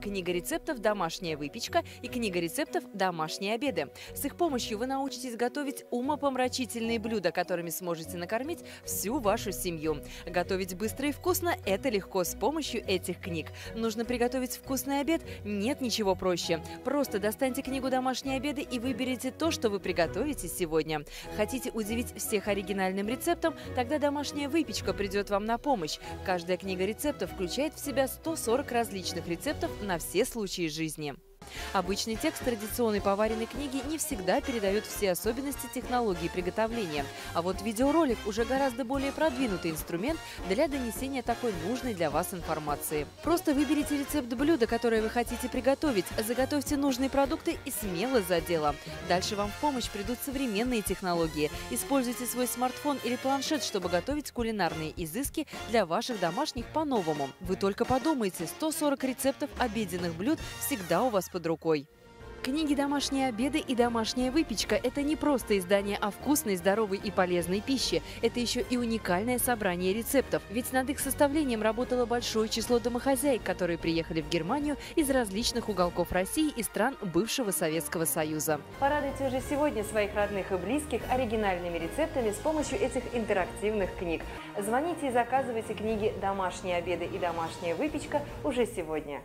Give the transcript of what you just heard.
Книга рецептов «Домашняя выпечка» и книга рецептов «Домашние обеды». С их помощью вы научитесь готовить умопомрачительные блюда, которыми сможете накормить всю вашу семью. Готовить быстро и вкусно – это легко с помощью этих книг. Нужно приготовить вкусный обед? Нет ничего проще. Просто достаньте книгу «Домашние обеды» и выберите то, что вы приготовите сегодня. Хотите удивить всех оригинальным рецептом? Тогда «Домашняя выпечка» придет вам на помощь. Каждая книга рецептов включает в себя 140 различных рецептов на все случаи жизни. Обычный текст традиционной поваренной книги не всегда передает все особенности технологии приготовления, а вот видеоролик уже гораздо более продвинутый инструмент для донесения такой нужной для вас информации. Просто выберите рецепт блюда, которое вы хотите приготовить, заготовьте нужные продукты и смело за дело. Дальше вам в помощь придут современные технологии. Используйте свой смартфон или планшет, чтобы готовить кулинарные изыски для ваших домашних по-новому. Вы только подумайте, 140 рецептов обеденных блюд всегда у вас под под рукой. Книги «Домашние обеды» и «Домашняя выпечка» – это не просто издание о вкусной, здоровой и полезной пище. Это еще и уникальное собрание рецептов. Ведь над их составлением работало большое число домохозяек, которые приехали в Германию из различных уголков России и стран бывшего Советского Союза. Порадуйте уже сегодня своих родных и близких оригинальными рецептами с помощью этих интерактивных книг. Звоните и заказывайте книги «Домашние обеды» и «Домашняя выпечка» уже сегодня.